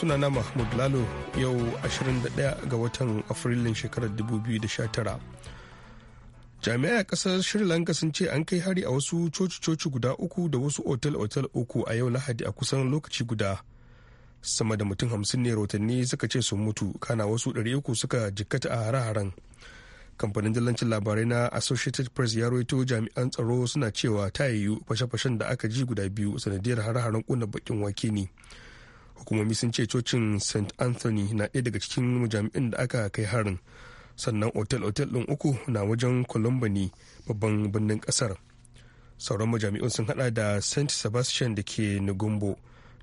sunana mahmud lalo yau 21 ga watan afrilun shekarar 2019 jami'ai a kasar sri lanka sun ce an kai hari a wasu coci-coci guda uku da wasu otal-otal uku a yau lahadi a kusan lokaci guda sama da mutum hamsin ne rotanni suka ce sun mutu kana wasu ɗari uku suka jikkata a hare-haren kamfanin dillancin labarai na associated press ya roito jami'an tsaro suna cewa ta yiwu fashe-fashen da aka ji guda biyu sanadiyar har haren kuna bakin wake ne hukumomi sun ce cocin st anthony na ɗaya daga cikin majami'in da aka kai harin sannan otel-otel ɗin uku na wajen colombo ne babban birnin ƙasar sauran majami'un sun hada da st sebastian da ke nugumbo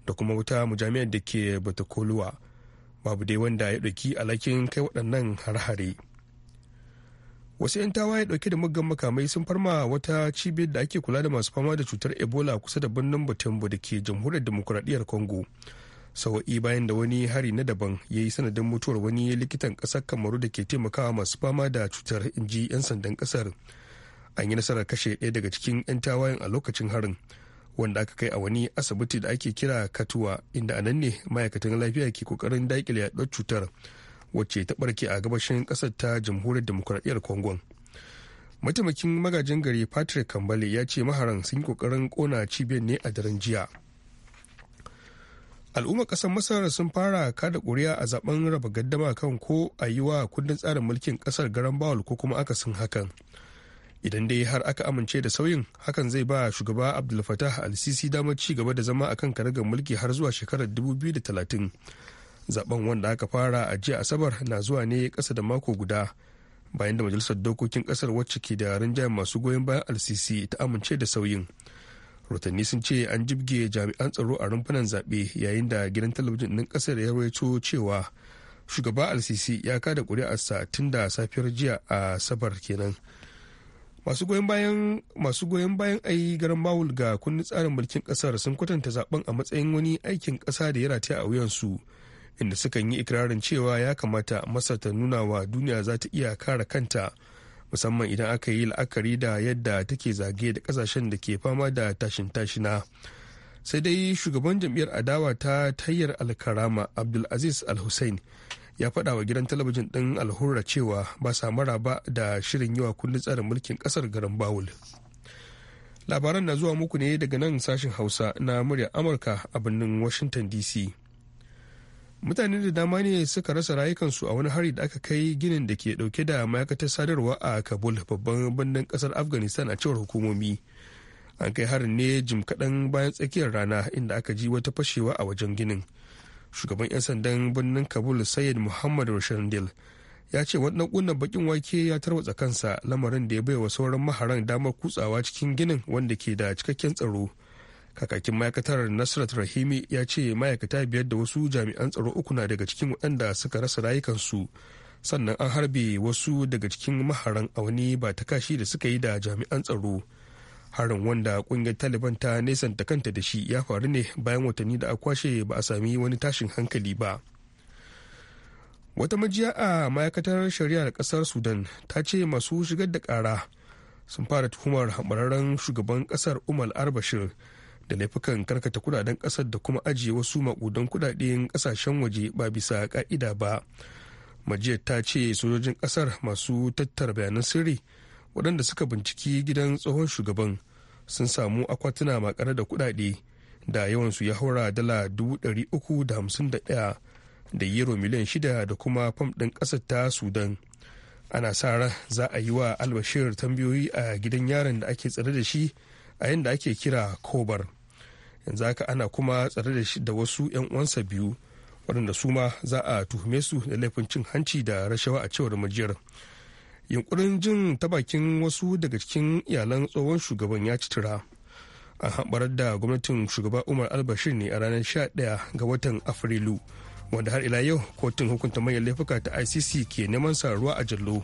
da kuma wata majami'ar da ke batakoluwa babu dai wanda ya ɗauki alhakin kai waɗannan har-hare wasu 'yan tawaye ɗauke da muggan makamai sun farma wata cibiyar da ake kula da masu fama da cutar ebola kusa da birnin batambo da ke jamhuriyar demokuraɗiyyar congo sawa'i bayan da wani hari na daban ya yi sanadin mutuwar wani likitan ƙasar kamaru da ke taimakawa masu fama da cutar inji 'yan sandan ƙasar an yi nasarar kashe ɗaya daga cikin 'yan tawayen a lokacin harin wanda aka kai a wani asibiti da ake kira katuwa inda anan ne ma'aikatan lafiya ke kokarin daƙile yaɗuwar cutar wacce ta ɓarke a gabashin ƙasar ta jamhuriyar demokuraɗiyyar kongon mataimakin magajin gari patrick kambale ya ce maharan sun yi kokarin kona cibiyar ne a daren jiya al'ummar kasar masar sun fara kada ƙuri'a a zaben raba gaddama kan ko a yi wa kundin tsarin mulkin ƙasar garan bawal ko kuma aka sun hakan idan dai har aka amince da sauyin hakan zai ba shugaba abdul fatah al-sisi damar ci gaba da zama akan karagar mulki har zuwa shekarar 2030 zaben wanda aka fara a jiya asabar na zuwa ne kasa da mako guda bayan da majalisar dokokin ƙasar wacce ke da rinjayen masu goyon bayan al-sisi ta amince da sauyin rotanni sun ce an jibge jami'an tsaro a rumfunan zaɓe yayin da gidan talabijin ɗin ƙasar ya rawaito cewa shugaba al-sisi ya kada ƙuri'arsa tun da safiyar jiya a sabar kenan masu goyon bayan masu goyon bayan ai garan bawul ga kundin tsarin mulkin ƙasar sun kwatanta zaben a matsayin wani aikin ƙasa da ya rataya a su inda sukan yi ikirarin cewa ya kamata masa ta nuna wa duniya za ta iya kare kanta musamman idan aka yi la'akari da yadda take zage da kasashen da ke fama da tashin tashina sai dai shugaban jam'iyyar adawa ta tayyar alkarama abdulaziz al-hussein ya faɗa wa gidan talabijin ɗin alhurra cewa ba sa maraba da shirin yi wa kundin tsarin mulkin ƙasar garin bawul labaran na zuwa muku ne daga nan sashen hausa na murya amurka a birnin washington dc mutane da dama ne suka rasa rayukansu a wani hari da aka kai ginin da ke dauke da ma'aikatar sadarwa a kabul babban birnin kasar afghanistan a cewar hukumomi an kai harin ne jim kaɗan bayan tsakiyar rana inda aka ji wata fashewa a wajen ginin shugaban 'yan sandan birnin kabul sayyid muhammad rashandil ya ce wannan kunnan bakin wake ya tarwatsa kansa lamarin da ya baiwa sauran maharan damar kutsawa cikin ginin wanda ke da cikakken tsaro kakakin ma'aikatar nasrat rahimi ya ce ma'aikata biyar da wasu jami'an tsaro uku na daga cikin waɗanda suka rasa rayukansu sannan an harbe wasu daga cikin maharan a wani ba ta kashi da suka yi da jami'an tsaro harin wanda kungiyar taliban ta ta kanta da shi ya faru ne bayan watanni da a kwashe ba a sami wani tashin hankali ba wata majiya a ma'aikatar shari'ar kasar sudan ta ce masu shigar da kara sun fara tuhumar hamararren shugaban kasar umar arbashir da laifukan karkata kudaden kasar da kuma ajiye wasu makudan kudaden kasashen waje ba bisa ka'ida ba majiyar ta ce sojojin kasar masu tattara bayanan sirri waɗanda suka binciki gidan tsohon shugaban sun samu akwatuna makare da kudade da yawansu ya haura dala 351 da euro miliyan shida da kuma fam ɗin ƙasar ta sudan ana sa ran za a yi wa albashir tambayoyi a gidan yaron da ake tsare da shi a yadda ake kira kobar yanzu haka ana kuma tsare da shi da wasu 'yan uwansa biyu waɗanda su ma za a tuhume su da laifin cin hanci da rashawa a cewar majiyar yunkurin jin ta bakin wasu daga cikin iyalan tsohon shugaban ya ci tura an haɓar da gwamnatin shugaba umar albashir ne a ranar 11 ga watan afrilu wanda har ila yau kotun hukunta manyan laifuka ta icc ke neman sa a jallo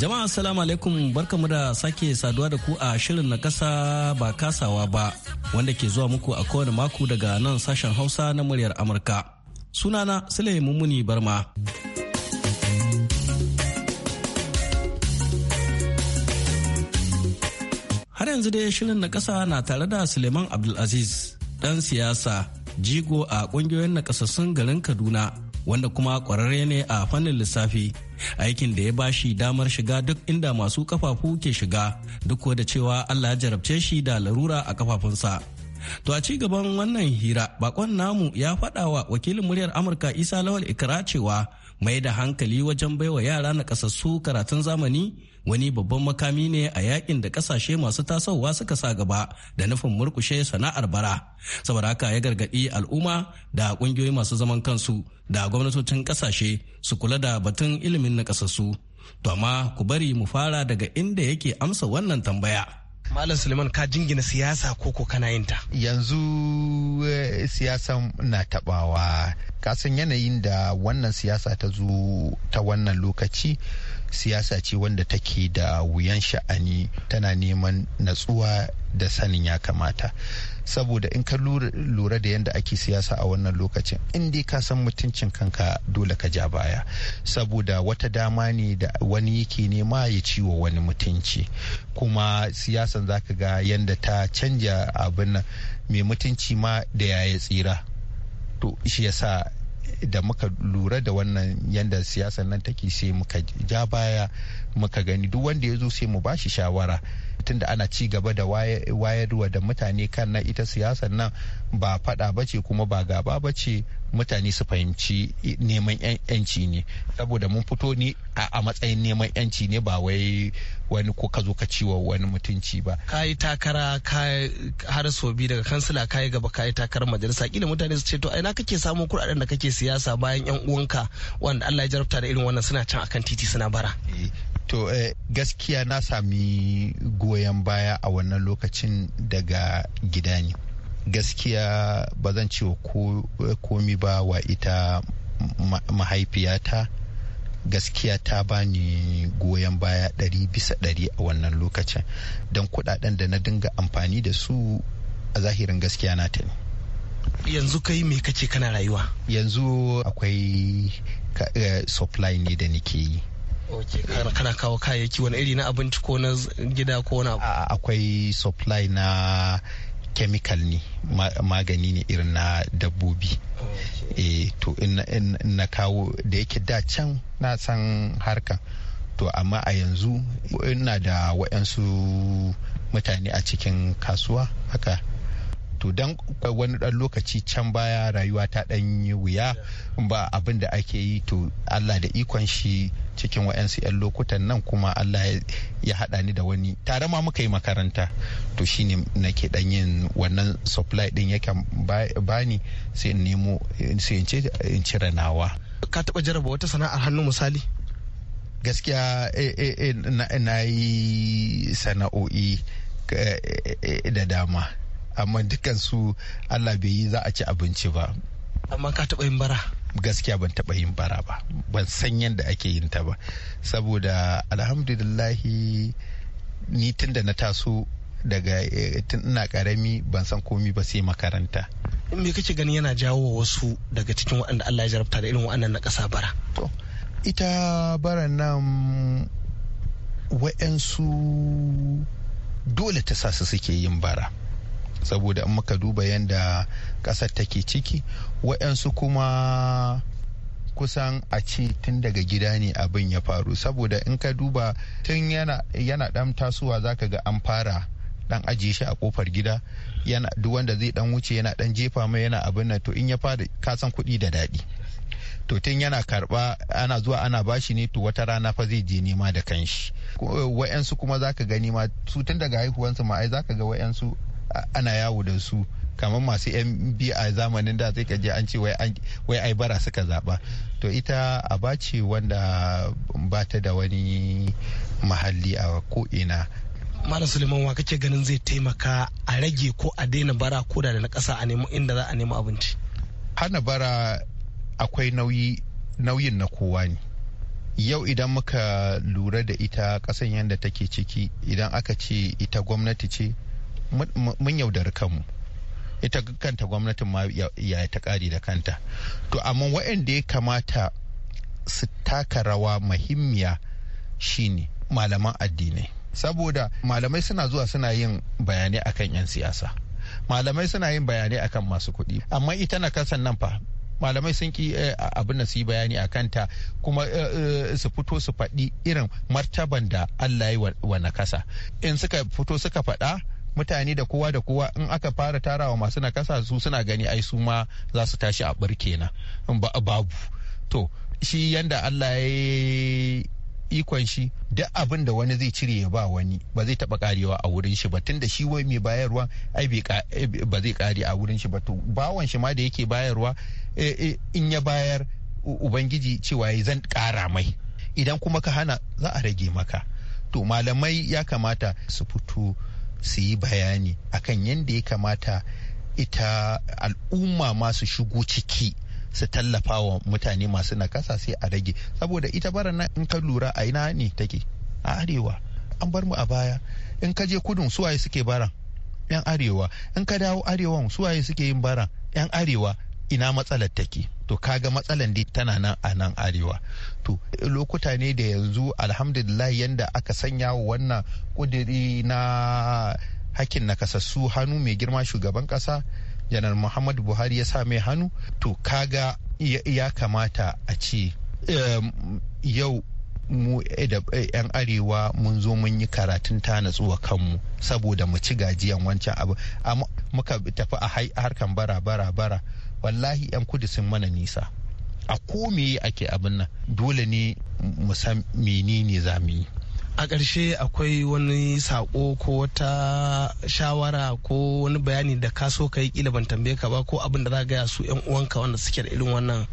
Jama'a assalamu alaikum barkamu da sake saduwa da ku a shirin na kasa ba kasawa ba wanda ke zuwa muku a kowane mako daga nan sashen Hausa na muryar Amurka. Sunana Sule Mummuni Barma. Har yanzu dai shirin na kasa na tare da Suleiman Abdulaziz dan siyasa jigo a kungiyoyin nakasassun garin Kaduna wanda kuma kwararre ne a fannin lissafi. aikin da ya ba shi damar shiga duk inda masu kafafu ke shiga duk da cewa Allah ya jarabce shi da larura a kafafunsa To a ci gaban wannan hira bakon namu ya faɗa wa wakilin muryar Amurka Isa Lawal Ikra cewa mai da hankali wajen baiwa yara na kasassu karatun zamani wani babban makami ne a yakin da ƙasashe masu tasowa suka sa gaba da nufin murkushe sana'ar bara. Saboda haka ya gargaɗi al'umma da ƙungiyoyi masu zaman kansu da gwamnatocin ƙasashe su kula da batun ilimin na kasassu. To amma ku bari mu fara daga inda yake amsa wannan tambaya. Malam Suleiman ka jingina siyasa koko kana yin ta. Yanzu eh, siyasa na tabawa kasan yanayin da wannan siyasa ta zo ta wannan lokaci siyasa ce wanda take da wuyan sha'ani tana neman natsuwa da sanin ya kamata saboda in ka lura da yadda ake siyasa a wannan lokacin in dai ka san mutuncin kanka dole ka ja baya saboda wata dama ne da wani yake nema ya ciwo wani mutunci kuma siyasan zaka ga yadda ta canja abin mai mutunci ma da ya tsira to shi yasa da muka lura da wannan yadda siyasar nan take sai muka ja baya muka gani duk wanda ya zo sai mu bashi shawara tunda ana ci gaba da wayarwa da mutane kan na ita siyasar nan ba fada ba ce kuma ba gaba ba ce mutane su fahimci neman yanci ne saboda mun fito ni a matsayin neman yanci ne ba wai wani ko ka zo ka ciwa wani mutunci ba ka yi takara har so bi daga kansila ka yi gaba ka yi takarar majalisa kila mutane su ce to aina kake samun kuɗaɗen da kake siyasa bayan yan uwanka wanda Allah ya jarabta da irin wannan suna can akan titi suna bara eh, To eh, gaskiya na sami goyon baya a wannan lokacin daga gida ne. Gaskiya ba zan ce eh, komi ba wa ita mahaifiyata gaskiya ta bani goyon baya ɗari bisa ɗari a wannan lokacin don kuɗaɗen da na dinga amfani da su a zahirin gaskiya na ta ne. yanzu kai me kace kana rayuwa yanzu akwai eh, supply ne da nake yi kana kawo kayayyaki wani iri na abinci ko na gida ko na akwai supply na chemical ne magani ne irin na dabbobi e to in na kawo da yake da can na san harkan to amma a yanzu ina da waɗansu mutane a cikin kasuwa haka to dan wani dan lokaci can baya rayuwa ta dan yi wuya ba abin da ake yi to Allah da ikon shi cikin wa'yansu 'yan lokutan nan kuma Allah ya haɗa ni da wani tare ma muka yi makaranta to shine nake dan yin wannan supply din yakan bani sai in nemo sai in cire nawa ka taba jaraba wata sana'ar hannu misali gaskiya eh, eh, eh, na yi sana'o'i da dama amma dukansu allah bai yi za a ci abinci ba amma ka taɓa yin bara gaskiya ban taɓa yin bara ba ban san yadda ake yin ta ba saboda alhamdulillahi ni tun da na taso daga eh, tun ina karami ban san komi ba sai makaranta me kake gani yana jawo wa wasu daga cikin waɗanda Allah ya jarabta da irin waɗannan na ƙasa bara to ita bara nan wa'yansu dole ta sa su suke yin bara saboda in muka duba yadda ƙasar take ciki waɗansu kuma kusan a ce tun daga gida ne abin ya faru saboda in ka duba tun yana, ɗan tasowa zaka ga an fara dan ajiye shi a kofar gida yana duk wanda zai dan wuce yana dan jefa mai yana abin nan to in ya fara kasan kuɗi da daɗi to tun yana karba ana zuwa ana bashi ne to wata rana fa zai je nema da kanshi wa'yansu kuma zaka gani ma su tun daga haihuwansu ma ai zaka ga wa'yansu ana yawo da su kamar masu yan biyu a zamanin da zai kaje an ce wai ai bara suka zaba to ita a bace wanda ba ta da wani mahalli a ko'ina Malam Suleiman wa kake ganin zai taimaka a rage ko a daina bara ko da na kasa a nemi inda za a nemi abinci. Hana bara akwai nauyi nauyin na kowa ne. Yau idan muka lura da ita kasan yadda take ciki idan aka ce ita gwamnati ce mun yaudari kanmu ita kanta gwamnatin ma ya ta kari da kanta to amma waɗanda ya kamata su taka rawa mahimmiya shine malaman addinai saboda malamai suna zuwa suna yin bayanai akan 'yan siyasa malamai suna yin bayanai akan masu kuɗi amma ita na kasan nan fa malamai sun ki eh, abin da su yi bayani a kanta kuma eh, eh, su fito su faɗi irin martaban da Allah ya wa kasa in suka fito suka faɗa mutane da kowa da kowa in aka fara tarawa masu nakasa su suna gani ai su ma za su tashi a na babu to shi yanda Allah ya ikon shi duk abin da wani zai cire ya ba wani ba zai taba karewa a wurin shi ba tunda shi wai mai bayarwa ai eh, ba zai kare a wurin shi ba to bawan shi ma da yake bayarwa eh, eh, in ya bayar ubangiji cewa ya zan kara mai idan kuma ka hana za a rage maka to malamai ya kamata su fito su yi bayani akan yadda ya kamata ita al'umma masu shigo ciki su tallafa wa mutane masu nakasa sai a rage saboda ita bara nan in ka lura a ina ne take a arewa an bar mu a baya in ka je kudun suwaye suke bara yan arewa in ka dawo arewa suwaye suke yin bara yan arewa ina matsalar take to kaga matsalan dai tana nan a nan arewa to lokuta ne da yanzu alhamdulillah yanda aka sanya wa wannan kudiri na hakkin nakasassu hannu mai girma shugaban kasa janar muhammadu buhari ya sa mai hannu to kaga ya kamata a ce yau mu eh, da eh, 'yan arewa mun zo mun yi karatun ta natsuwa kanmu saboda mu ci gajiyan wancan abu muka tafi a harkan bara bara bara wallahi 'yan kudu sun mana nisa a kome ake abin nan dole ne mu san menene za mu yi a ƙarshe akwai wani saƙo ko wata shawara ko wani bayani da ka so ka yi kila ban tambaye ka ba ko abin da za gaya su 'yan uwanka wanda suke da irin wannan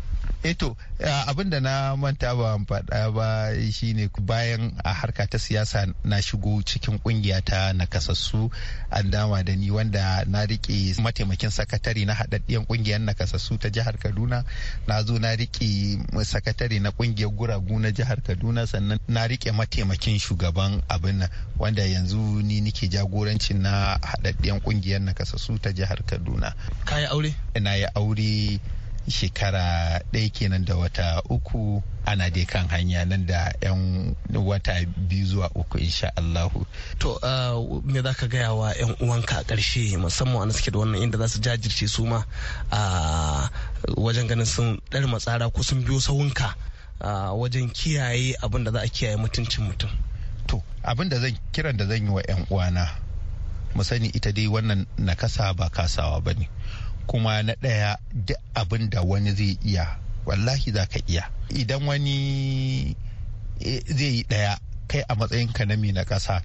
eto eh eh, abin da na manta ba faɗa ba shine bayan a harka ta siyasa na shigo cikin kungiya ta nakasassu an dama da ni wanda na rike mataimakin sakatare na haɗaɗɗiyar kungiyar nakasassu ta jihar kaduna na zo na rike sakatare na kungiyar guragu na jihar kaduna sannan na rike mataimakin shugaban abin nan wanda yanzu ni nike jagorancin na haɗaɗɗiyar kungiyar nakasassu ta jihar kaduna ka yi aure na yi aure shekara ɗaya kenan da wata uku ana dai kan hanya nan da 'yan wata biyu zuwa uku insha Allahu. To uh, me za ka gaya wa 'yan uwanka a ƙarshe musamman wanda suke da wannan inda za su jajirce su ma a uh, wajen ganin sun ɗari matsara ko sun biyo sawunka uh, wajen kiyaye abin da za a kiyaye mutuncin mutum. To abin da zan kiran da zan yi wa 'yan uwana mu sani ita dai wannan nakasa ba kasawa ba ne. kuma na ɗaya duk abin da wani zai iya wallahi za ka iya idan wani eh, zai yi ɗaya kai a matsayinka na mai na ƙasa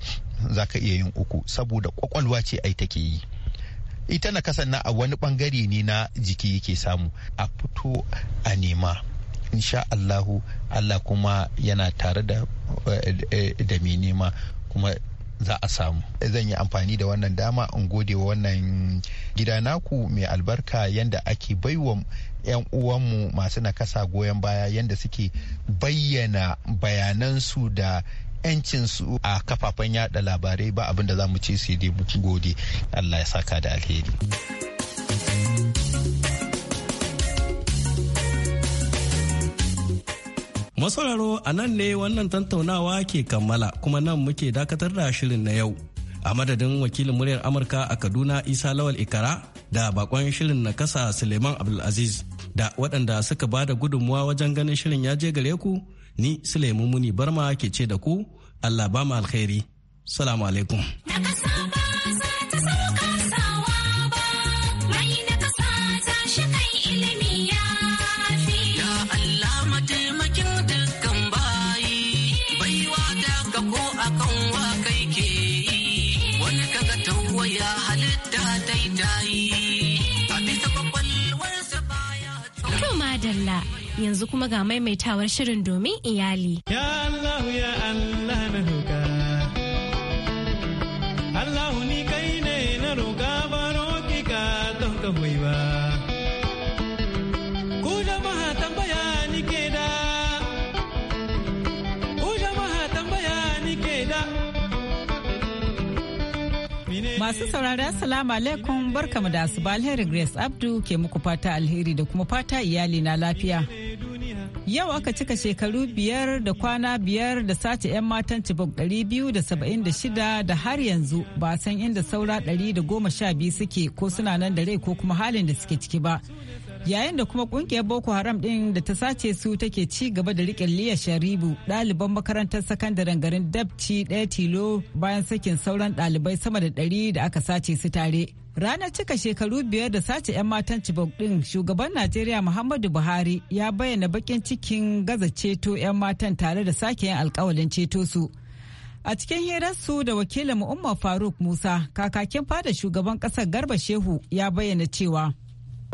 za ka iya yin uku saboda ƙwaƙwalwa ce ai take yi ita na kasan na a wani ɓangare ne na jiki yake samu a fito a nema insha Allahu Allah kuma yana tare da eh, eh, mai nema kuma za a samu zan yi amfani da wannan dama in gode wa wannan gida naku mai albarka yanda ake baiwa 'yan uwanmu masu nakasa goyon baya yanda suke bayyana bayanansu da 'yancinsu a kafafen yada labarai ba abinda za mu ce sai dai gode allah ya saka da alheri. Masauraro a nan ne wannan tantaunawa ke kammala kuma nan muke dakatar da shirin na yau. A madadin wakilin muryar Amurka a Kaduna Isa Lawal Ikara da bakon shirin na kasa Suleiman Abdulaziz da waɗanda suka ba da gudunmuwa wajen ganin shirin ya je gare ku ni Suleiman Muni Barma ke ce da ku Allah ba mu alkhairi. Salamu alaikum. yanzu kuma ga maimaitawar shirin domin iyali. Ya Allah ya Allah na roƙa. Allah ni ba roƙi Masu saurari alaikum barkamu da asuba alheri Grace Abdu ke muku fata alheri da kuma fata iyali na lafiya. Yau aka cika shekaru biyar da kwana biyar da sace 'yan matan cibok 276 da har yanzu ba san inda saura 112 suke ko suna nan da rai ko kuma halin da suke ciki ba. Yayin da kuma kungiyar Boko Haram ɗin da ta sace su take ci gaba da riƙe Liya Sharibu ɗaliban makarantar sakandaren garin Dabci ɗaya tilo bayan sakin sauran ɗalibai sama da ɗari da aka sace su tare. Ranar cika shekaru biyar da sace 'yan matan Chibok ɗin shugaban Najeriya Muhammadu Buhari ya bayyana bakin cikin gaza ceto 'yan matan tare da sake yin alkawalin ceto su. A cikin hirarsu da wakilin Umar Faruk Musa kakakin fada shugaban ƙasar Garba Shehu ya bayyana cewa.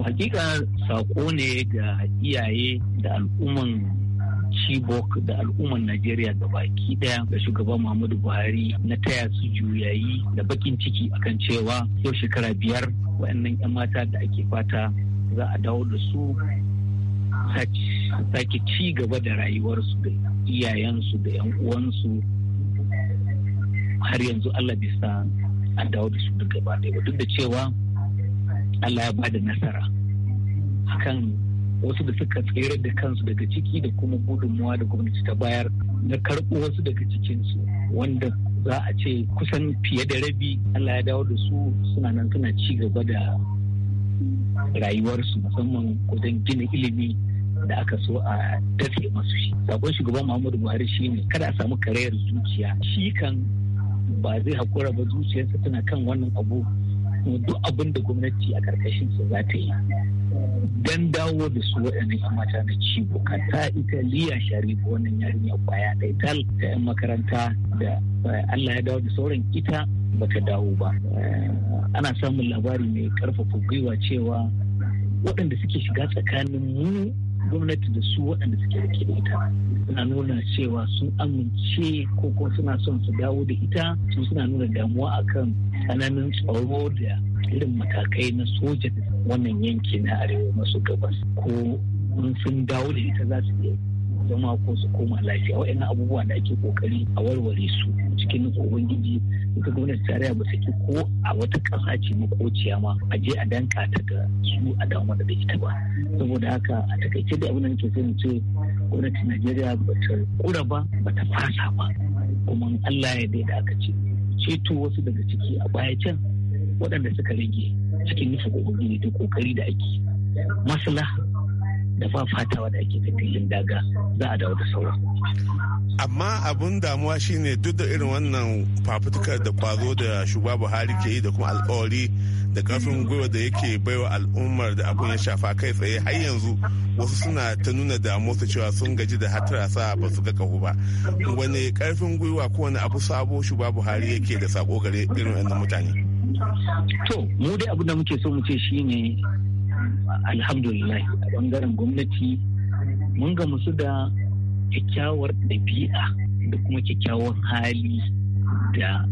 Hakika saƙo ne ga iyaye da al'umman Chibok da al'ummar Najeriya da baki ɗaya da shugaban Muhammadu Buhari na taya su juyayi da bakin ciki akan cewa yau shekara biyar waɗannan 'yan mata da ake fata za a dawo da su sake ci gaba da rayuwarsu da iyayensu da 'yan uwansu har yanzu Allah bisa a dawo da su da gaba duk da cewa Allah ya ba da nasara hakan wasu da suka tsere da kansu daga ciki da kuma gudunmuwa da gwamnati ta bayar na karɓo wasu daga cikinsu wanda za a ce kusan fiye da rabi Allah ya dawo da su suna nan suna ci gaba da rayuwarsu musamman wajen gina ilimi da aka so a dafe masu shi sabon shugaban muhammadu buhari ne, kada a samu karayar zuciya shi kan ba zai hakura ba zuciyarsa tana kan wannan abu duk abin da gwamnati a ƙarƙashinsa za ta yi don dawo da su waɗannan ya mata na cibo kanta italiya sharif wannan yarinya kwaya da tal ta 'yan makaranta da eh, allah ya dawo da sauran ita ba bata dawo ba eh, ana samun labari mai karfafa gwiwa cewa waɗanda suke shiga tsakanin mu gwamnati da su waɗanda suke da da ita suna nuna cewa sun amince ko kuma suna son su dawo da ita su suna nuna damuwa akan tsananin tsaro da irin matakai na soja wannan yanki na arewa maso gabas ko sun dawo da ita za su iya zama ko su koma lafiya waɗannan abubuwa da ake kokari a warware su cikin nufin ubangiji ita gwamnati tarayya ba saki ko a wata ƙasa ce makociya ma a je a danka ta ga su a dama da ita ba saboda haka a takaice da abin da nake so ce gwamnatin najeriya ba ta kura ba ba ta fasa ba kuma allah ya da aka ce ceto wasu daga ciki a baya can waɗanda suka rage cikin nufin ubangiji ta kokari da ake maslaha da ba fatawa da ake filin daga za a dawo da sauran. amma abun damuwa shine duk da irin wannan fafutukar da kwazo da shugaba buhari ke yi da kuma alkawari da karfin gwiwa da yake baiwa al'ummar da abun ya shafa kai tsaye har yanzu wasu suna ta nuna damuwa cewa sun gaji da hatarasa ba su ga kahu ba wani karfin gwiwa ko wani abu sabo shugaba buhari yake da sako gare irin wannan mutane to mu dai abun da muke so mu ce shine alhamdulillah a bangaren gwamnati mun su da kyakkyawar ɗabi'a da kuma kyakkyawan hali da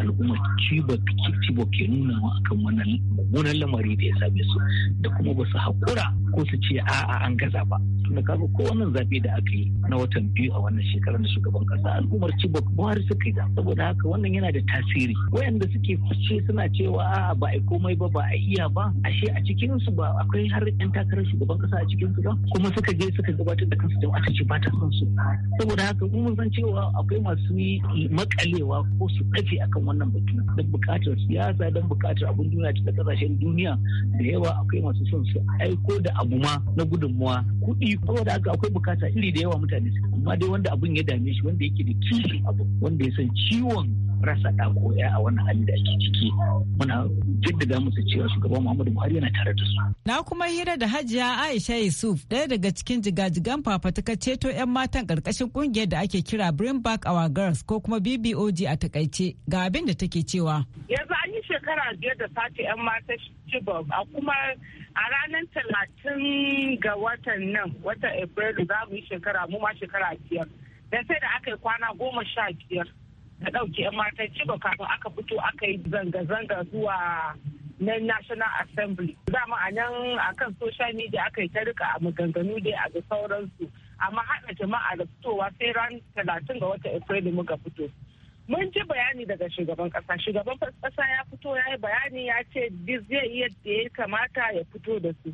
al'umma cibo ke nuna wa akan wannan mummunan lamari da ya same su da kuma ba su haƙura ko su ce a'a an gaza ba tunda kaga ko wannan zaɓe da aka yi na watan biyu a wannan shekarar da shugaban ƙasa al'ummar cibok buhari suka yi saboda haka wannan yana da tasiri wayanda suke fice suna cewa a'a ba a komai ba ba a iya ba ashe a cikin su ba akwai har yan takarar shugaban ƙasa a cikin su ba kuma suka je suka gabatar da kansu jama'a ce ba ta son su saboda haka mun san cewa akwai masu yi makalewa ko su ɗafe akan akan wannan batun don bukatar siyasa don bukatar abin duniya cikin kasashen duniya da yawa akwai masu son su aiko da abu ma na gudunmuwa kuɗi ko da haka akwai bukata iri da yawa mutane amma dai wanda abin ya dame shi wanda yake da kishin abu wanda ya san ciwon rasa ɗa koya a wannan hali da ake ciki muna jaddada musu cewa shugaban Muhammadu Buhari yana tare da su. Na kuma hira da Hajiya Aisha Yusuf ɗaya daga cikin jigajigan fafatukar ceto 'yan matan karkashin ƙungiyar da ake kira Bring Back Our Girls ko kuma BBOG a takaice ga abin da take cewa. Yanzu an yi shekara biyar da sace 'yan mata Chibok a kuma a ranar talatin ga watan nan watan Afrilu za mu yi shekara mu ma shekara biyar. da sai da aka yi kwana goma sha biyar. da ɗauki 'yan matan ciba kafin aka fito aka yi zanga-zanga zuwa na national assembly dama a nan a kan social media aka yi tarika a maganganu dai a ga sauransu amma haɗa jama'a da fitowa sai ran talatin ga watan afrilu muka fito mun ji bayani daga shugaban kasa shugaban kasa ya fito ya yi bayani ya ce zai yi yadda ya kamata ya fito da su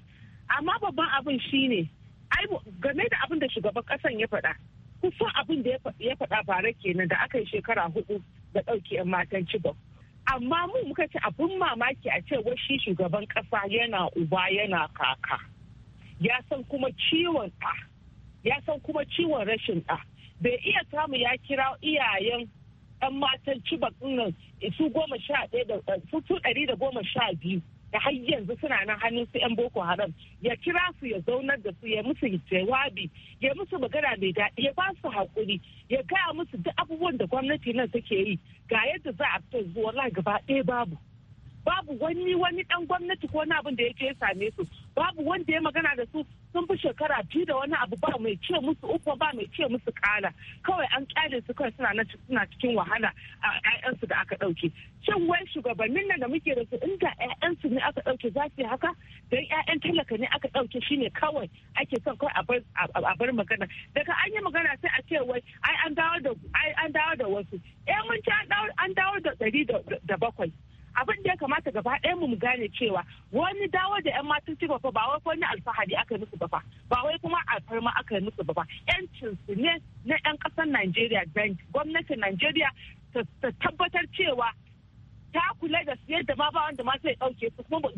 amma babban abin shine ai game da abin da shugaban ƙasan ya faɗa kusan abin da ya faɗa bara kenan da aka yi shekara hudu da ɗauki 'yan matan cibok amma mu muka ce abin mamaki a ce shi shugaban ƙasa yana uba yana kaka ya san kuma ciwon ɗa ya san kuma ciwon rashin ɗa bai iya samu ya kira iyayen 'yan matan cibok nan su goma sha ɗaya da eh, su ɗari da goma sha biyu da har yanzu suna nan hannun su 'yan boko haram ya kira su ya zaunar da su ya musu jawabi ya musu magana mai daɗi ya ba su haƙuri ya gaya musu duk abubuwan da gwamnati nan take yi ga yadda za a fito zuwa la gaba ɗaya babu babu wani wani ɗan gwamnati ko wani abin da yake ya same su babu wanda ya magana da su sun fi shekara biyu da wani abu ba mai ce musu uku ba mai ce musu kala kawai an kyale su kawai suna suna cikin wahala a ƴaƴansu da aka ɗauke shin wai shugabannin nan da muke da su inda ƴaƴansu ne aka ɗauke za su haka don ƴaƴan talaka ne aka ɗauke shine kawai ake son kawai a bar magana daga an yi magana sai a ce wai ai an dawo da wasu eh mun ci an dawo da ɗari da bakwai abin da ya kamata gaba ɗaya mu gane cewa wani dawo da yan matan ci ba wai wani alfahari aka musu ba ba wai kuma alfarma aka musu ba yancin su ne na yan ƙasar Najeriya gwamnatin Najeriya ta tabbatar cewa ta kula da su yadda ma ba wanda ma sai ɗauke su kuma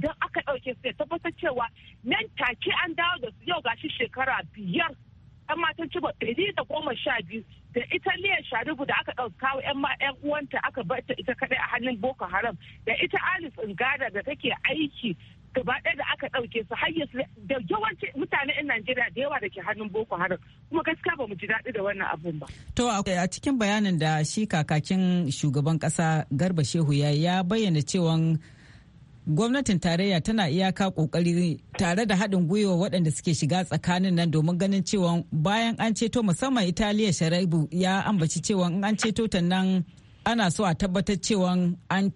abin ba. To a cikin bayanin da shi kakakin shugaban kasa Garba Shehu ya ya bayyana cewa gwamnatin tarayya tana iyaka kokari tare da haɗin gwiwa waɗanda suke shiga tsakanin nan domin ganin cewa bayan an ceto musamman Italiya Sharabu ya ambaci cewa in an ceto ta nan ana so a tabbatar cewa an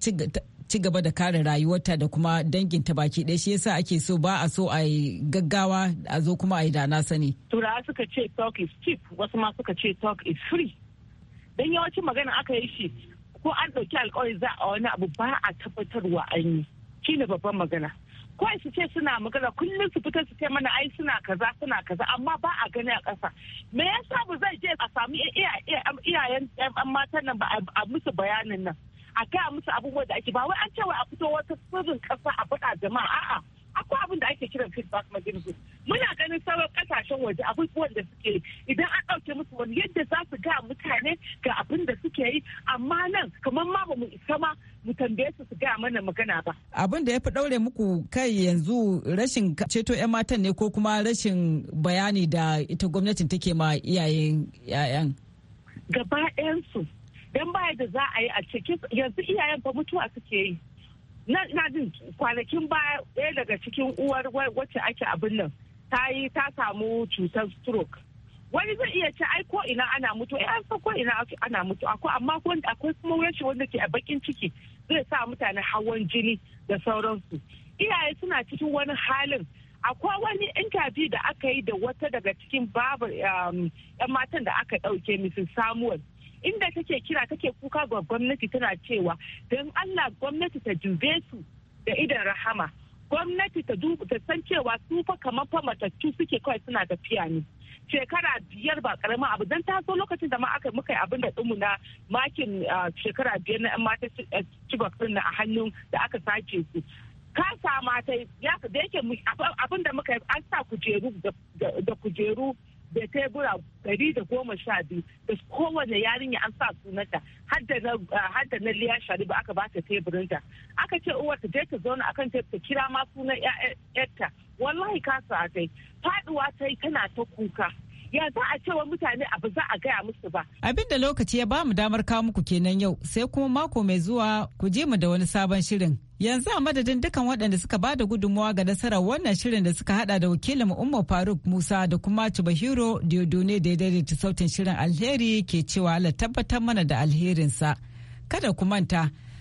ci gaba da kare rayuwarta da kuma danginta baki ɗaya shi yasa ake so ba a so a yi gaggawa a zo kuma a yi dana sani. Turawa suka ce talk is cheap wasu ma suka ce talk is free. Don yawancin magana aka yi shi ko an ɗauki alkawari za a wani abu ba a tabbatarwa an yi shi ne babban magana. kawai su ce suna magana kullum su fita su ce mana ai suna kaza suna kaza amma ba a gani a ƙasa me yasa ba zai je a sami iyayen matan nan ba a musu bayanin nan a gaya musu abubuwa da ake ba wai an cewa a fito wata sirrin kasa a faɗa jama'a a'a akwai abin da ake kiran feedback mechanism muna ganin sauran kasashen waje abubuwan da suke idan an ɗauke musu wani yadda za su ga mutane ga abin da suke yi amma nan kamar ma ba mu isa ma mu tambaye su su ga mana magana ba. Abin da ya fi ɗaure muku kai yanzu rashin ceto 'yan matan ne ko kuma rashin bayani da ita gwamnatin take ma iyayen 'ya'yan. Gaba su don baya da za a yi a ciki yanzu iyayen ba mutuwa suke yi na jin kwanakin baya ɗaya daga cikin uwar wacce ake abin nan ta yi ta samu cutar stroke wani zai iya ce ai ko ina ana mutu ai an ko ina ana mutu akwai amma akwai kuma rashin wanda ke a bakin ciki zai sa mutane hawan jini da sauransu iyaye suna cikin wani halin akwai wani interview da aka yi da wata daga cikin babu um, yan matan da aka ɗauke Mrs. Samuel inda kake kira kake kuka ga gwamnati tana cewa don allah gwamnati ta dube su da idan rahama gwamnati ta ta san cewa su fa kamar fa matattu suke kawai suna tafiya ne shekara biyar ba karamin abu don ta so lokacin da ma aka muka abin da dinmu na makin shekara biyar na yan mata eh, cibak na a hannun da aka sace su ka kasa mata ya da yake abin da muka yi an sa kujeru da kujeru da tebura ɗari da goma sha biyu da kowane yarinya an sa sunanta har da na ah, liya ba aka ba ta teburinta aka ce uwar ta je ta zauna akan ta ta kira ma sunan yarta wallahi sa sa kai faɗuwa ta yi tana ta kuka ya za a cewa mutane abu za a gaya musu ba. Abin da lokaci ya ba mu damar kawo muku kenan yau sai kuma mako mai zuwa ku je mu da wani sabon shirin. Yanzu a madadin dukan waɗanda suka ba da gudunmawa ga nasarar wannan shirin da suka hada da wakilin Mu'umma Faruk Musa da kuma Chubahiro Diodone da ya daidaita sautin shirin alheri ke cewa Allah tabbatar mana da alherinsa. Kada ku manta.